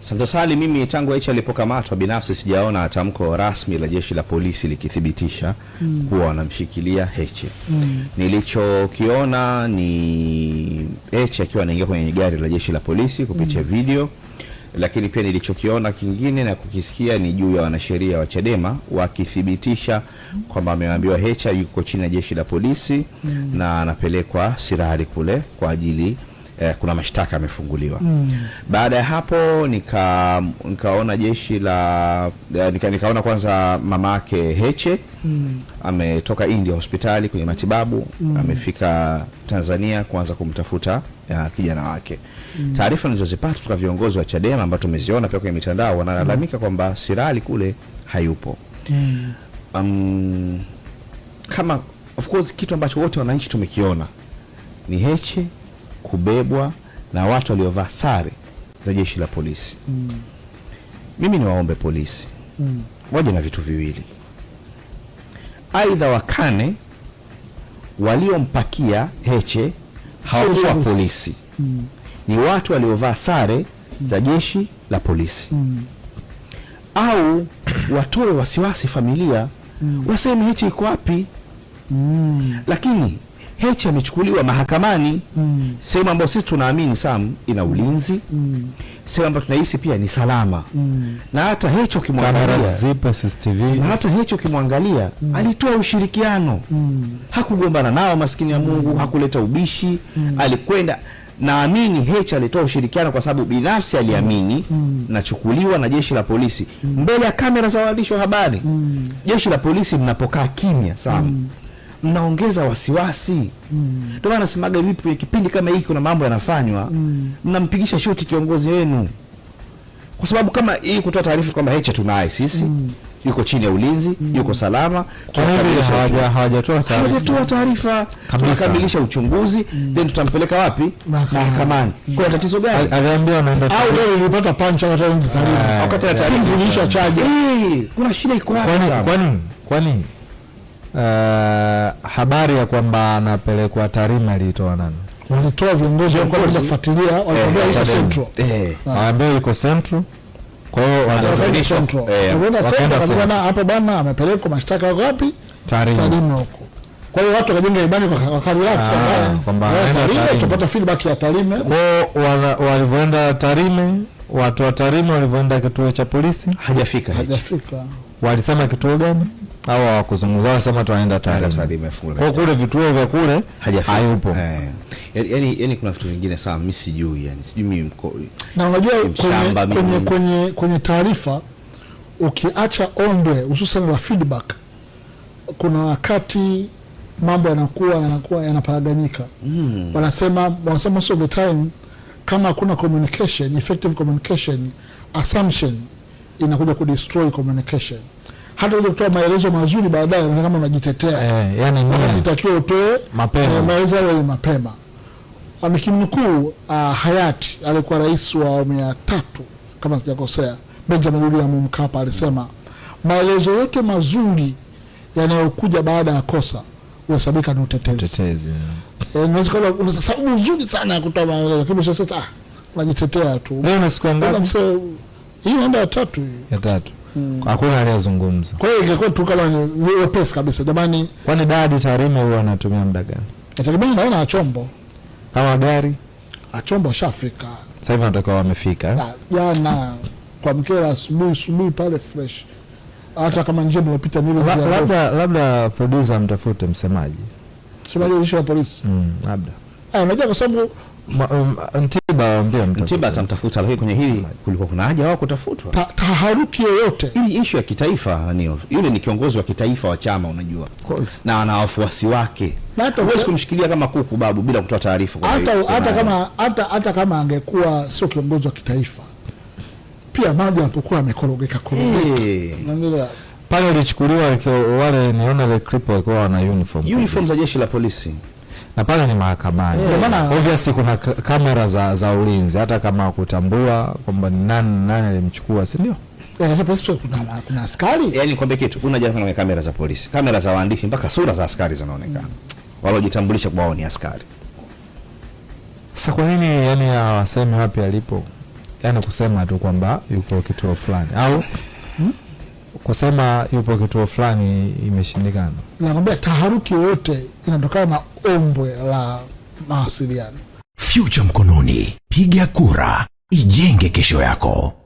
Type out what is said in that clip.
Santosali, mimi tangu Aisha alipokamatwa binafsi sijaona tamko rasmi la jeshi la polisi likithibitisha mm. kuwa wanamshikilia Heche mm. nilichokiona ni Heche akiwa anaingia kwenye gari la jeshi la polisi kupitia mm. video, lakini pia nilichokiona kingine na kukisikia ni juu ya wanasheria wa Chadema wakithibitisha kwamba ameambiwa Heche yuko chini ya jeshi la polisi mm. na anapelekwa Sirari kule kwa ajili eh, kuna mashtaka yamefunguliwa mm. Baada ya hapo nika, nikaona jeshi la eh, nika, nikaona kwanza mamake Heche mm. ametoka India hospitali kwenye matibabu mm. amefika Tanzania kuanza kumtafuta kijana wake mm. Taarifa nilizozipata kutoka viongozi wa Chadema ambao tumeziona pia kwenye mitandao wanalalamika mm. kwamba Sirali kule hayupo mm. um, kama of course kitu ambacho wote wananchi tumekiona ni Heche kubebwa na watu waliovaa sare za jeshi la polisi mm. Mimi niwaombe polisi mm. waje na vitu viwili, aidha wakane waliompakia Heche hawakuwa polisi mm. ni watu waliovaa sare mm. za jeshi la polisi mm. au watoe wasiwasi familia mm. waseme Heche iko wapi mm. lakini Heche amechukuliwa mahakamani mm. sehemu ambayo sisi tunaamini Sam ina ulinzi mm. sehemu ambayo tunahisi pia ni salama mm. na hata Heche ukimwangalia mm. alitoa ushirikiano mm. hakugombana nao maskini ya Mungu mm. hakuleta ubishi mm. alikwenda naamini Heche alitoa ushirikiano kwa sababu binafsi aliamini mm. mm. nachukuliwa na jeshi la polisi mm. mbele ya kamera za waandishi wa habari mm. jeshi la polisi mnapokaa kimya Sam mm mnaongeza wasiwasi. Mm. Ndio maana nasemaga vipi kwenye kipindi kama hiki kuna mambo yanafanywa, mm. mnampigisha shoti kiongozi wenu, kwa sababu kama hii kutoa taarifa kwamba hecha tunaye sisi mm. yuko chini ya ulinzi mm. yuko salama, hawajatoa taarifa, tunakamilisha uchunguzi mm. then tutampeleka wapi? Mahakamani. kuna mm. tatizo gani? pancha ah. eh, kuna shida iko kwani kwani Uh, habari ya kwamba anapelekwa Tarime ilitoa nani? Walitoa viongozi wa kwenda kufuatilia, eh, walikuwa yuko Central, eh, ah. walikwambia yuko Central. Kwa hiyo central, kwa eh. wakaenda hapo bana, amepelekwa mashtaka yako wapi? Tarime huko. Kwa hiyo watu wakajenga imani ah, kwamba tupata feedback ya Tarime. Kwa hiyo walivyoenda Tarime, watu wa Tarime walivyoenda kituo cha polisi hajafika, hajafika. Walisema kituo gani? au hawakuzungumza wasema tunaenda Tarime imefunguliwa kwa kule vituo vya kule hayupo. Yaani yaani kuna vitu vingine sana mimi sijui, yani sijui mimi mko na unajua kwenye, kwenye, kwenye, kwenye taarifa ukiacha ombwe hususan la feedback, kuna wakati mambo yanakuwa yanakuwa yanaparaganyika mm. Wanasema wanasema most of the time kama hakuna communication, effective communication, assumption inakuja kudestroy communication hata uweze kutoa maelezo mazuri baadaye, na kama unajitetea eh, yani nini utoe mapema, eh, maelezo yale mapema. Ah, nikimnukuu uh, hayati alikuwa rais wa awamu ya tatu kama sijakosea, Benjamin William Mkapa alisema maelezo yote mazuri yanayokuja baada ya kosa uhesabika ni utetezi, utetezi. Una eh, sababu nzuri sana ya kutoa maelezo, lakini sasa ah, unajitetea tu. Leo nasikia ngapi? Hii ndio ya tatu, ya tatu mm. hakuna aliyezungumza. Kwa hiyo ingekuwa tu kama ni wepesi kabisa, jamani. Kwani Dadi Tarime huwa anatumia muda gani? Nategemea eh, naona achombo kama gari achombo ah, shafika sasa hivi, natakiwa wamefika ah, jana kwa mkela asubuhi asubuhi pale fresh, hata kama njia nimepita nile Labda labda producer mtafute msemaji, msemaji la polisi, mm, labda Ah, unajua kwa sababu Mtiba um, Mtiba atamtafuta, lakini kwenye hili kulikuwa kuna haja wao kutafutwa. ta, Taharuki yoyote hii ishu ya kitaifa, nio, yule ni kiongozi wa kitaifa wa chama, unajua of course, na ana wafuasi wake, na hata huwezi kumshikilia kama kuku babu bila kutoa taarifa. Kwa Hata hata kama hata hata kama angekuwa sio kiongozi wa kitaifa pia, maji yanapokuwa yamekorogeka korogeka hey. Eh. pale, ilichukuliwa wale, niona ile clip walikuwa wana uniform uniform za jeshi la polisi na pale ni mahakamani yeah. Obviously kuna kamera za, za ulinzi hata kama kutambua kwamba ni nani nani alimchukua, si ndio? Eh, kuna, kuna askari yani, eh, kwambie kitu unajaribu kwenye kamera za polisi, kamera za waandishi, mpaka sura za askari zinaonekana mm. Walojitambulisha kwa wao ni askari. Sasa kwa nini yani hawasemi wapi alipo? Yani kusema tu kwamba yuko kituo fulani au hmm? kusema yupo kituo fulani imeshindikana. Nakwambia taharuki yoyote inatokana na ombwe la mawasiliano. Future mkononi, piga kura, ijenge kesho yako.